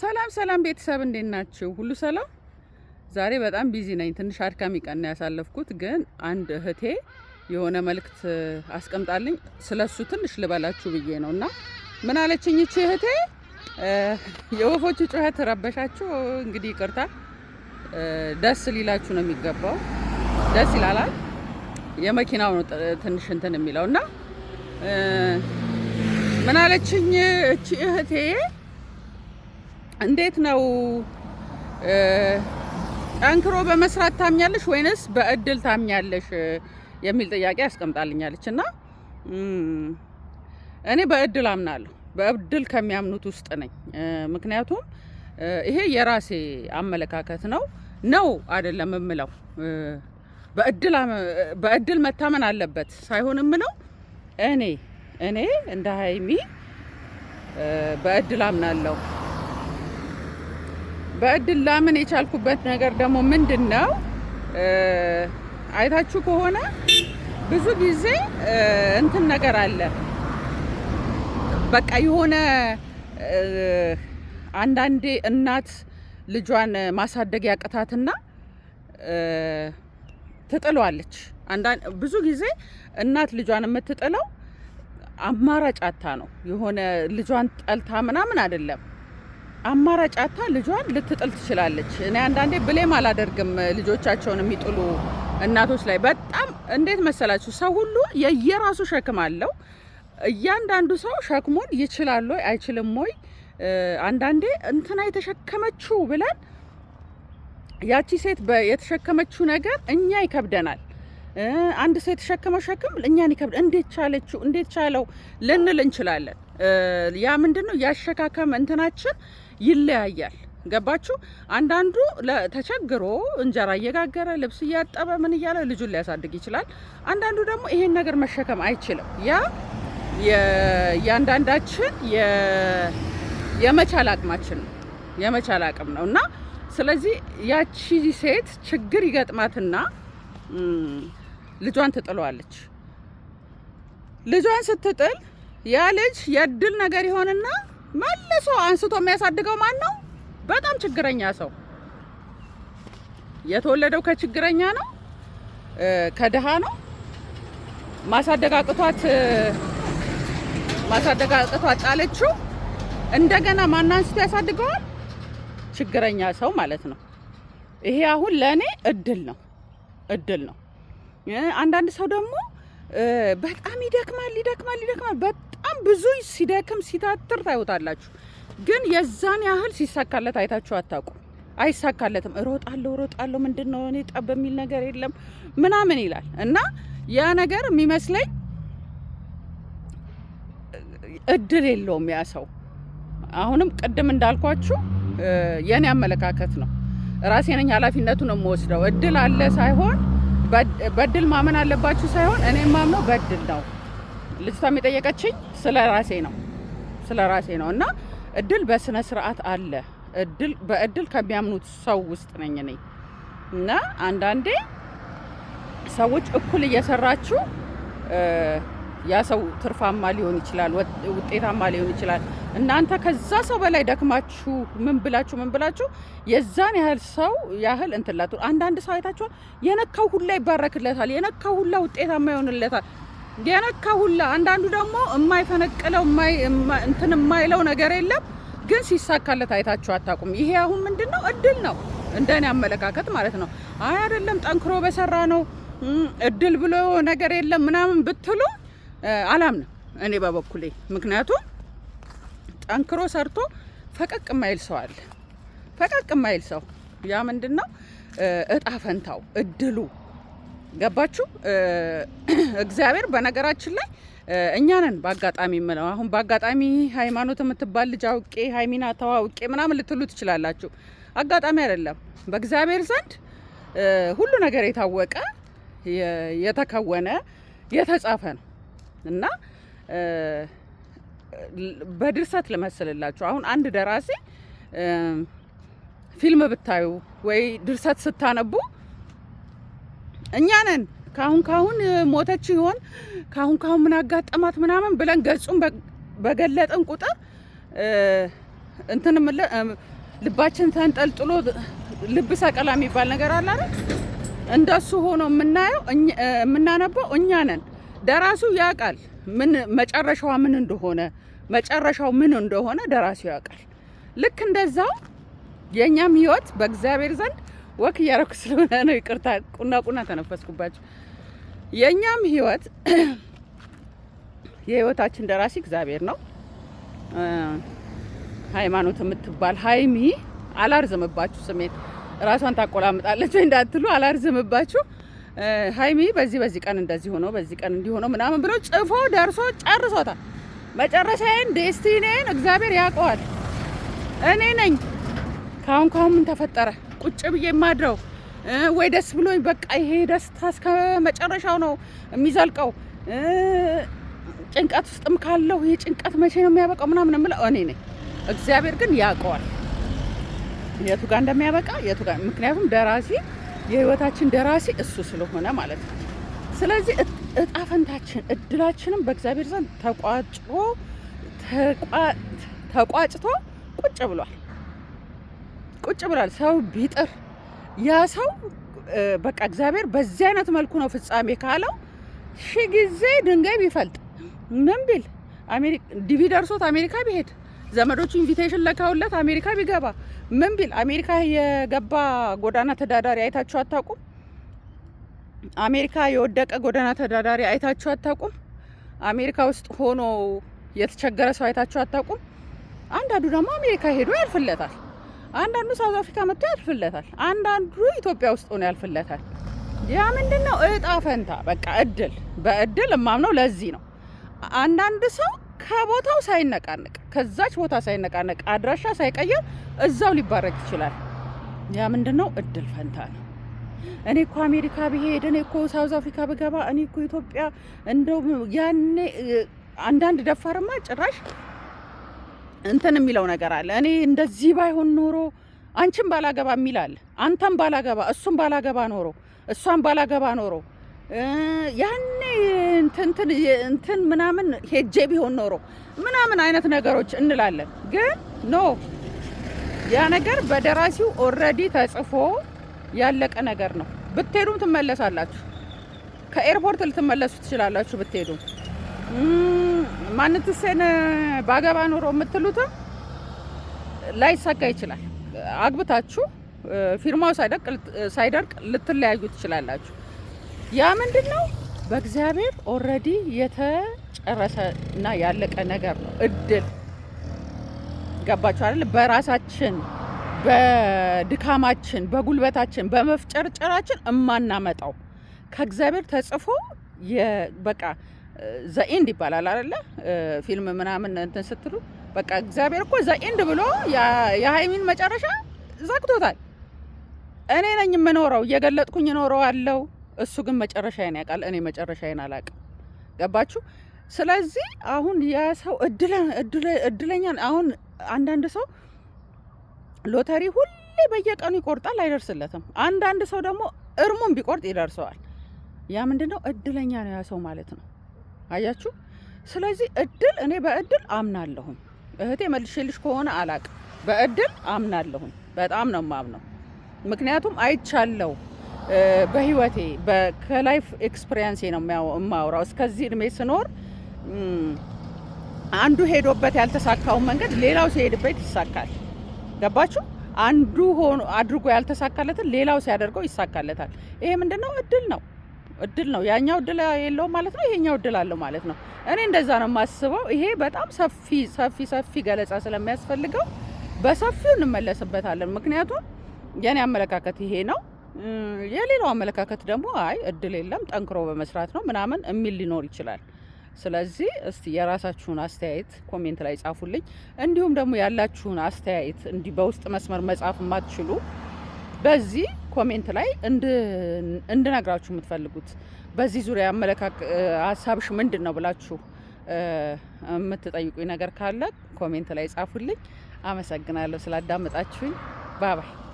ሰላም ሰላም ቤተሰብ እንዴት ናችሁ? ሁሉ ሰላም። ዛሬ በጣም ቢዚ ነኝ። ትንሽ አድካሚ ቀን ነው ያሳለፍኩት፣ ግን አንድ እህቴ የሆነ መልእክት አስቀምጣልኝ ስለሱ ትንሽ ልበላችሁ ብዬ ነው እና ምን አለችኝ እቺ እህቴ የወፎቹ ጩኸት ረበሻችሁ፣ እንግዲህ ይቅርታ። ደስ ሊላችሁ ነው የሚገባው። ደስ ይላላል። የመኪናው ነው ትንሽ እንትን የሚለው እና ምን አለችኝ እቺ እህቴ እንዴት ነው ጠንክሮ በመስራት ታምኛለሽ ወይንስ በእድል ታምኛለሽ የሚል ጥያቄ ያስቀምጣልኛለች እና እኔ በእድል አምናለሁ። በእድል ከሚያምኑት ውስጥ ነኝ። ምክንያቱም ይሄ የራሴ አመለካከት ነው ነው አይደለም የምለው በእድል መታመን አለበት ሳይሆን የምለው እኔ እኔ እንደ ሀይሚ በእድል አምናለሁ። በእድል ላምን የቻልኩበት ነገር ደግሞ ምንድን ነው? አይታችሁ ከሆነ ብዙ ጊዜ እንትን ነገር አለ። በቃ የሆነ አንዳንዴ እናት ልጇን ማሳደግ ያቅታትና ትጥሏለች። ብዙ ጊዜ እናት ልጇን የምትጥለው አማራጭ አታ ነው። የሆነ ልጇን ጠልታ ምናምን አይደለም አማራጭ አታ ልጇን ልትጥል ትችላለች። እኔ አንዳንዴ ብሌም አላደርግም ልጆቻቸውን የሚጥሉ እናቶች ላይ በጣም እንዴት መሰላችሁ፣ ሰው ሁሉ የየራሱ ሸክም አለው። እያንዳንዱ ሰው ሸክሙን ይችላል ወይ አይችልም ወይ አንዳንዴ እንትና የተሸከመችው ብለን ያቺ ሴት የተሸከመችው ነገር እኛ ይከብደናል። አንድ ሰው የተሸከመው ሸክም እኛን ይከብድ እንዴት ቻለችው እንዴት ቻለው ልንል እንችላለን። ያ ምንድን ነው ያሸካከም እንትናችን ይለያያል። ገባችሁ? አንዳንዱ ተቸግሮ እንጀራ እየጋገረ ልብስ እያጠበ ምን እያለ ልጁን ሊያሳድግ ይችላል። አንዳንዱ ደግሞ ይሄን ነገር መሸከም አይችልም። ያ የእያንዳንዳችን የመቻል አቅማችን ነው የመቻል አቅም ነው እና ስለዚህ ያቺ ሴት ችግር ይገጥማትና ልጇን ትጥለዋለች። ልጇን ስትጥል ያ ልጅ የእድል ነገር ይሆንና መልሶ አንስቶ የሚያሳድገው ማን ነው? በጣም ችግረኛ ሰው። የተወለደው ከችግረኛ ነው፣ ከድሃ ነው። ማሳደግ አቅቷት ማሳደግ አቅቷት ጣለችው። እንደገና ማን አንስቶ ያሳድገዋል? ችግረኛ ሰው ማለት ነው። ይሄ አሁን ለእኔ እድል ነው፣ እድል ነው። አንዳንድ ሰው ደግሞ በጣም ይደክማል ይደክማል ይደክማል። በጣም ብዙ ሲደክም ሲታትር ታዩታላችሁ። ግን የዛን ያህል ሲሳካለት አይታችሁ አታውቁም። አይሳካለትም። እሮጣለሁ እሮጣለሁ ምንድን ነው እኔ ጠብ የሚል ነገር የለም ምናምን ይላል እና ያ ነገር የሚመስለኝ እድል የለውም ያ ሰው። አሁንም ቅድም እንዳልኳችሁ የእኔ አመለካከት ነው። ራሴ ነኝ ኃላፊነቱን የምወስደው እድል አለ ሳይሆን በድል ማመን አለባችሁ ሳይሆን እኔ ማምነው በድል ነው። ልጅቷ የጠየቀችኝ ስለ ራሴ ነው ስለ ራሴ ነው እና እድል በስነ ስርዓት አለ። እድል በእድል ከሚያምኑት ሰው ውስጥ ነኝ እኔ እና አንዳንዴ ሰዎች እኩል እየሰራችሁ ያ ሰው ትርፋማ ሊሆን ይችላል፣ ውጤታማ ሊሆን ይችላል። እናንተ ከዛ ሰው በላይ ደክማችሁ ምን ብላችሁ ምን ብላችሁ የዛን ያህል ሰው ያህል እንትላቱ አንዳንድ ሰው አይታችኋል። የነካው ሁላ ይባረክለታል፣ የነካው ሁላ ውጤታማ ይሆንለታል። የነካው ሁላ አንዳንዱ ደግሞ የማይፈነቅለው እንትን የማይለው ነገር የለም፣ ግን ሲሳካለት አይታችሁ አታውቁም። ይሄ አሁን ምንድን ነው እድል ነው እንደኔ አመለካከት ማለት ነው። አይ አይደለም ጠንክሮ በሰራ ነው እድል ብሎ ነገር የለም ምናምን ብትሉ አላምንም እኔ በበኩሌ። ምክንያቱም ጠንክሮ ሰርቶ ፈቀቅ ማይል ሰው አለ። ፈቀቅ ማይል ሰው ያ ምንድን ነው እጣ ፈንታው እድሉ ገባችሁ? እግዚአብሔር በነገራችን ላይ እኛ ነን በአጋጣሚ የምለው አሁን በአጋጣሚ ሃይማኖት የምትባል ልጅ አውቄ ሀይሚና ተዋውቄ ምናምን ልትሉ ትችላላችሁ። አጋጣሚ አይደለም። በእግዚአብሔር ዘንድ ሁሉ ነገር የታወቀ የተከወነ የተጻፈ ነው። እና በድርሰት ልመስልላችሁ። አሁን አንድ ደራሲ ፊልም ብታዩ ወይ ድርሰት ስታነቡ እኛ ነን ካሁን ካሁን ሞተች ይሆን ካሁን ካሁን ምን አጋጠማት ምናምን ብለን ገጹን በገለጥን ቁጥር እንትን ልባችን ተንጠልጥሎ ልብ ሰቀላ የሚባል ነገር አለ አይደል? እንደሱ ሆኖ የምናየው የምናነበው እኛ ነን። ደራሱ ያውቃል ምን መጨረሻዋ ምን እንደሆነ መጨረሻው ምን እንደሆነ ደራሲው ያውቃል። ልክ እንደዛው የእኛም ህይወት በእግዚአብሔር ዘንድ ወክ እያረኩ ስለሆነ ነው፣ ይቅርታ ቁና ቁና ተነፈስኩባቸው። የእኛም ህይወት የህይወታችን ደራሲ እግዚአብሔር ነው። ሃይማኖት የምትባል ሀይሚ አላርዘምባችሁ፣ ስሜት ራሷን ታቆላምጣለች እንዳትሉ አላርዘምባችሁ። ሀይሚ በዚህ በዚህ ቀን እንደዚህ ሆኖ በዚህ ቀን እንዲሆነው ምናምን ብሎ ጽፎ ደርሶ ጨርሶታል። መጨረሻዬን ዴስቲኔን እግዚአብሔር ያውቀዋል። እኔ ነኝ ካሁን ካሁን ምን ተፈጠረ ቁጭ ብዬ የማድረው ወይ ደስ ብሎኝ በቃ ይሄ ደስታ እስከ መጨረሻው ነው የሚዘልቀው ጭንቀት ውስጥም ካለው ይህ ጭንቀት መቼ ነው የሚያበቃው ምናምን የምለው እኔ ነኝ። እግዚአብሔር ግን ያውቀዋል የቱ ጋር እንደሚያበቃ የቱ ጋር ምክንያቱም ደራሲ የህይወታችን ደራሲ እሱ ስለሆነ ማለት ነው። ስለዚህ እጣፈንታችን እድላችንም በእግዚአብሔር ዘንድ ተቋጭሮ ተቋጭቶ ቁጭ ብሏል ቁጭ ብሏል። ሰው ቢጥር ያ ሰው በቃ እግዚአብሔር በዚህ አይነት መልኩ ነው ፍጻሜ ካለው ሺ ጊዜ ድንጋይ ቢፈልጥ ምን ቢል ዲቪ ደርሶት አሜሪካ ቢሄድ ዘመዶቹ ኢንቪቴሽን ለካውለት አሜሪካ ቢገባ ምን ቢል አሜሪካ የገባ ጎዳና ተዳዳሪ አይታችሁ አታውቁም? አሜሪካ የወደቀ ጎዳና ተዳዳሪ አይታችሁ አታውቁም? አሜሪካ ውስጥ ሆኖ የተቸገረ ሰው አይታችሁ አታውቁም? አንዳንዱ ደግሞ አሜሪካ ሄዶ ያልፍለታል። አንዳንዱ ሳውዝ አፍሪካ መጥቶ ያልፍለታል። አንዳንዱ ኢትዮጵያ ውስጥ ሆኖ ያልፍለታል። ያ ምንድን ነው? እጣ ፈንታ፣ በቃ እድል። በእድል እማምነው ለዚህ ነው። አንዳንድ ሰው ከቦታው ሳይነቃንቅ ከዛች ቦታ ሳይነቃነቅ አድራሻ ሳይቀየር እዛው ሊባረክ ይችላል። ያ ምንድን ነው? እድል ፈንታ ነው። እኔ እኮ አሜሪካ ብሄድ፣ እኔ እኮ ሳውዝ አፍሪካ ብገባ፣ እኔ እኮ ኢትዮጵያ እንደው ያኔ አንዳንድ ደፋርማ ጭራሽ እንትን የሚለው ነገር አለ። እኔ እንደዚህ ባይሆን ኖሮ አንቺም ባላገባ የሚል አለ። አንተም ባላገባ፣ እሱም ባላገባ ኖሮ፣ እሷም ባላገባ ኖሮ ያኔ እንትን እንትን ምናምን ሄጄ ቢሆን ኖሮ ምናምን አይነት ነገሮች እንላለን። ግን ኖ ያ ነገር በደራሲው ኦልሬዲ ተጽፎ ያለቀ ነገር ነው። ብትሄዱም ትመለሳላችሁ። ከኤርፖርት ልትመለሱ ትችላላችሁ ብትሄዱም። ማንትሴን ባገባ ኖሮ የምትሉትም ላይሳካ ይችላል። አግብታችሁ ፊርማው ሳይደርቅ ልትለያዩ ትችላላችሁ። ያ ምንድን ነው በእግዚአብሔር ኦልሬዲ የተጨረሰ እና ያለቀ ነገር ነው። እድል ገባችሁ አይደል? በራሳችን በድካማችን በጉልበታችን በመፍጨርጨራችን እማናመጣው ከእግዚአብሔር ተጽፎ በቃ ዘኢንድ ይባላል አይደለ? ፊልም ምናምን እንትን ስትሉ በቃ እግዚአብሔር እኮ ዘኢንድ ብሎ የሀይሚን መጨረሻ ዘግቶታል። እኔ ነኝ የምኖረው እየገለጥኩኝ እኖረዋለሁ እሱ ግን መጨረሻዬን ያውቃል፣ እኔ መጨረሻዬን አላውቅም። ገባችሁ? ስለዚህ አሁን ያ ሰው እድለኛ አሁን አንዳንድ ሰው ሎተሪ ሁሌ በየቀኑ ይቆርጣል፣ አይደርስለትም። አንዳንድ ሰው ደግሞ እርሙን ቢቆርጥ ይደርሰዋል። ያ ምንድን ነው? እድለኛ ነው ያ ሰው ማለት ነው። አያችሁ? ስለዚህ እድል እኔ በእድል አምናለሁም። እህቴ መልሼልሽ ከሆነ አላቅ፣ በእድል አምናለሁም። በጣም ነው ማምነው፣ ምክንያቱም አይቻለው በህይወቴ ከላይፍ ኤክስፒሪየንሴ ነው የማውራው እስከዚህ እድሜ ስኖር አንዱ ሄዶበት ያልተሳካውን መንገድ ሌላው ሲሄድበት ይሳካል። ገባችሁ? አንዱ ሆኖ አድርጎ ያልተሳካለትን ሌላው ሲያደርገው ይሳካለታል። ይሄ ምንድነው? እድል ነው እድል ነው። ያኛው እድል የለውም ማለት ነው፣ ይሄኛው እድል አለው ማለት ነው። እኔ እንደዛ ነው የማስበው። ይሄ በጣም ሰፊ ሰፊ ሰፊ ገለጻ ስለሚያስፈልገው በሰፊው እንመለስበታለን። ምክንያቱም የኔ አመለካከት ይሄ ነው። የሌላው አመለካከት ደግሞ አይ እድል የለም ጠንክሮ በመስራት ነው ምናምን የሚል ሊኖር ይችላል። ስለዚህ እስቲ የራሳችሁን አስተያየት ኮሜንት ላይ ጻፉልኝ። እንዲሁም ደግሞ ያላችሁን አስተያየት እንዲህ በውስጥ መስመር መጻፍ የማትችሉ በዚህ ኮሜንት ላይ እንድነግራችሁ የምትፈልጉት በዚህ ዙሪያ ሀሳብሽ ምንድን ነው ብላችሁ የምትጠይቁኝ ነገር ካለ ኮሜንት ላይ ጻፉልኝ። አመሰግናለሁ ስላዳመጣችሁኝ። ባባይ